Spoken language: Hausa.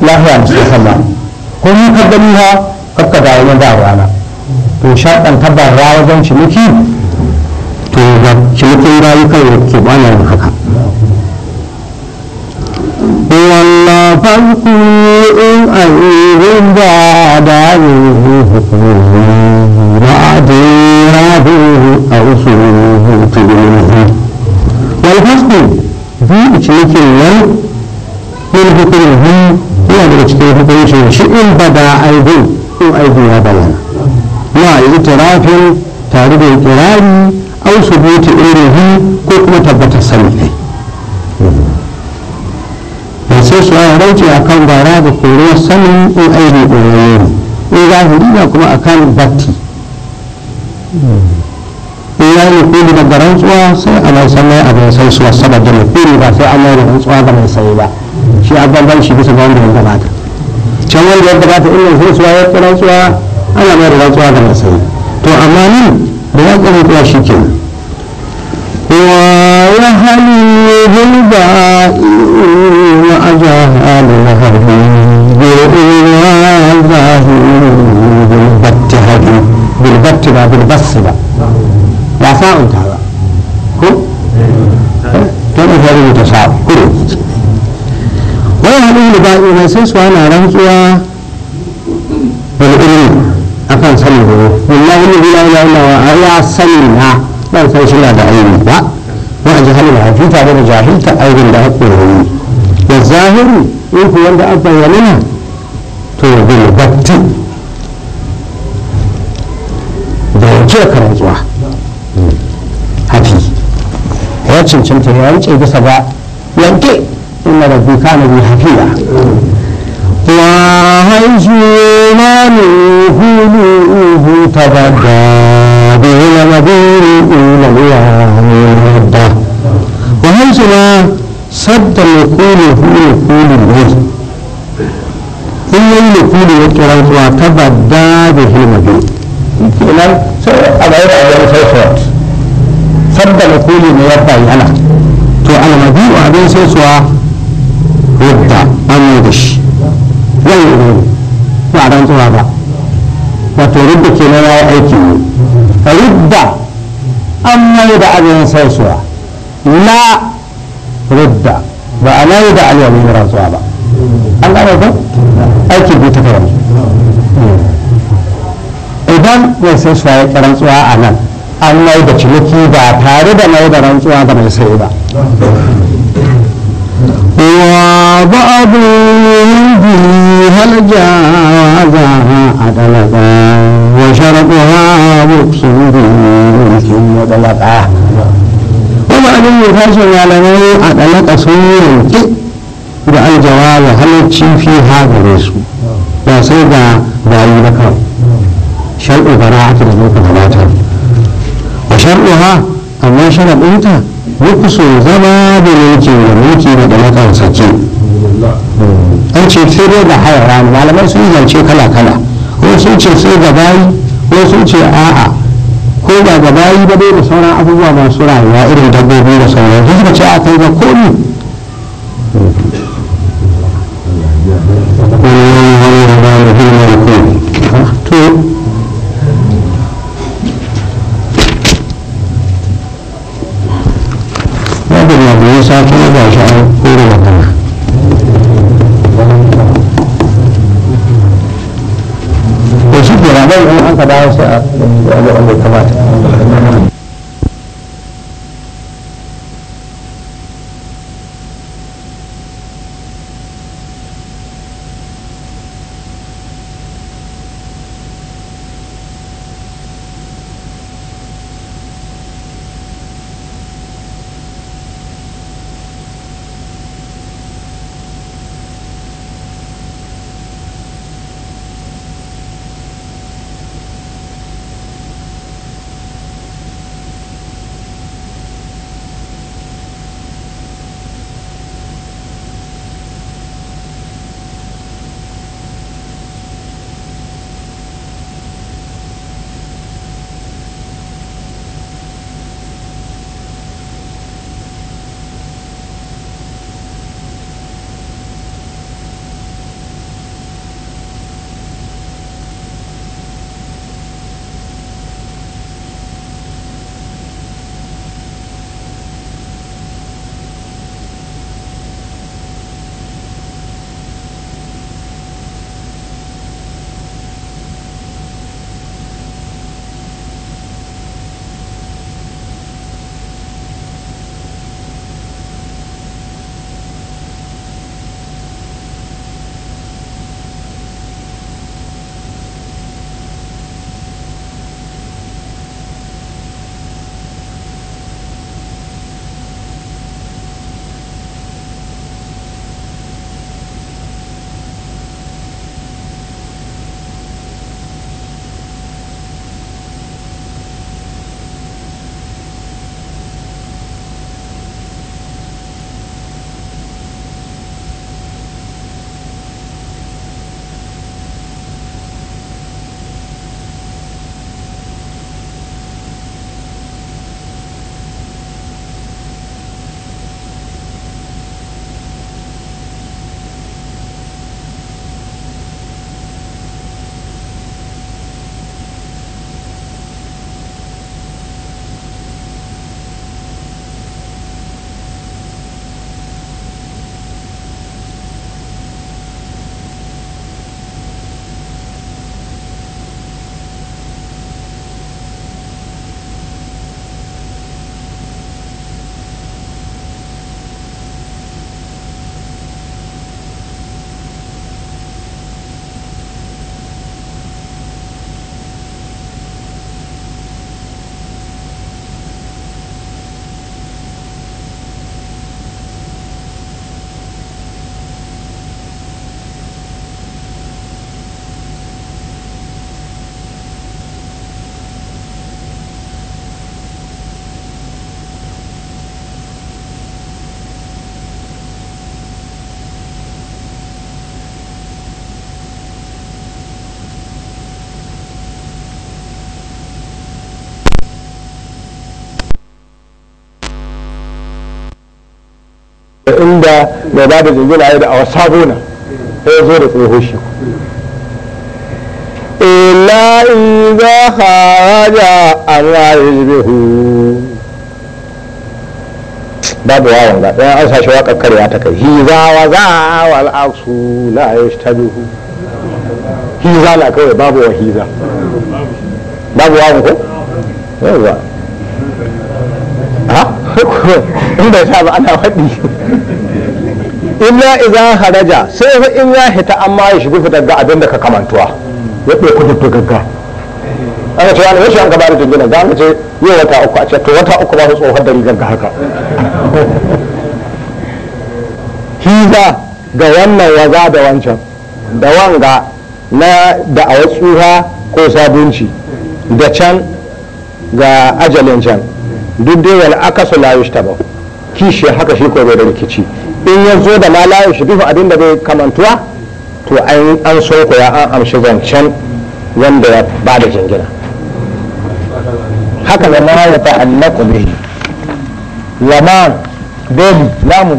lafiya da suka sallah ko mun kaddami ha kakka da wani da rana to shaɗan tabbar rawa don ciniki to da cinikin rayukan da ke bayan haka والله فاذكروا إن أيهم بعد عليه وأديره أو سوه قبله والفصل في cinikin nan من ذكرهم yana daga cikin hukunci shi in ba da aibin in aibin ya bayyana na itirafin tare da ikirari au subuti ilmihi ko kuma tabbatar sani kai ba sai su ya rauce a kan gara da koruwar sanin in aibin koraye ne in zahiri na kuma a kan batti in ya yi kuli daga rantsuwa sai a mai sanai a mai sai suwa saboda mai kuli ba sai a mai rantsuwa ba mai sai ba shi a shi bisa ga wanda ya gabata can wanda ya gabata ina zai tsuwa ya fi rantsuwa ana mai da rantsuwa da matsayi to amma nan da ya ga rantsuwa shi ke wa hali bilbatti bilbatti ba bilbassi ba ba sa'unta ba ko? Eh? rubuta sa'a kuro wani hannun da ba'i sai su ana rantsuwa bil'ilmi a kan sanin gobe wallahi ne bila ila ila wa ariya sanin na ban san shi na da ainihi ba wa a jihar da hafi tare da jahilta aibin da haƙƙo yi da zahiri in ku wanda an bayyana na to ya bil batti da ya yake ka rantsuwa hafi ya cancanta ya wuce bisa ba yanke annar da kana bi hafiya wa haizu ma ni hulu hu tabadda bi la maduri ila ya hadda wa haizu ma sadda ni hulu hulu hulu ni inna ni hulu wa tarantu wa tabadda bi hil maduri kenan sai ala ya ya sai sadda ni hulu ni ya ta to ala maduri abin sai suwa wadda an yi da shi zai yi ne ba don tsuwa ba wato rudda ke na yayi aiki ne rudda an mai da abin saisuwa la rudda ba a mai da alwamin rantsuwa ba an gane ko aiki bai ta kawai idan mai saisuwa ya ƙi rantsuwa a nan an mai da ciniki ba tare da mai da rantsuwa da mai sai ba. وبعض فيها الجاوزة عدلتا وشرطها بكس مسلم وطلقا وبعض يفاشل على من عدلت سوء da aljawaza halarci fi ha gare su ba sai ga bayi na kan shar'u bara haka da muka gabata a shar'u ha amma sharaɗinta muku so zama da mulki da mulki da dalakar sace an ce sai dai da haya rana malamai sun zance kala kala wasu ce sai da bayi wasu ce a'a ko ba ga bayi ba dai da sauran abubuwa masu rayuwa irin dabbobi da sauran duk da ce a kai ga komi ba an ka dawo sai a wanda ya kamata inda mai ba da jingina ya da awa sabona ya zo da tsoho shi illa iza kharaja amwajibihu babu wawan wanda dan an sashi waƙar karewa ta kai hiza wa za wal aksu la yashtabihu hiza na kawai babu wa hiza babu wawan ko yawa in bai sa ba ana faɗi illa idan haraja sai fa in ya hita amma ya shigo fitar ga abin da ka kamantuwa ya ɗauki dubbe gagga aka ce wani wasu an gaba da jingina za ce yi wata uku a ce to wata uku ba su tsohon da rigar ga haka hiza ga wannan waza da wancan da wanga na da a tsuha ko sabunci da can ga ajalin can duk dai wal akasu la yushtaba kishi haka shi ko bai da rikici in ya zo da ma la yushbihu abin da bai kamantuwa to an an so ko ya an amshi zancen wanda ya ba da jingina haka da ma ya ta'allaqu bihi ma dai lamu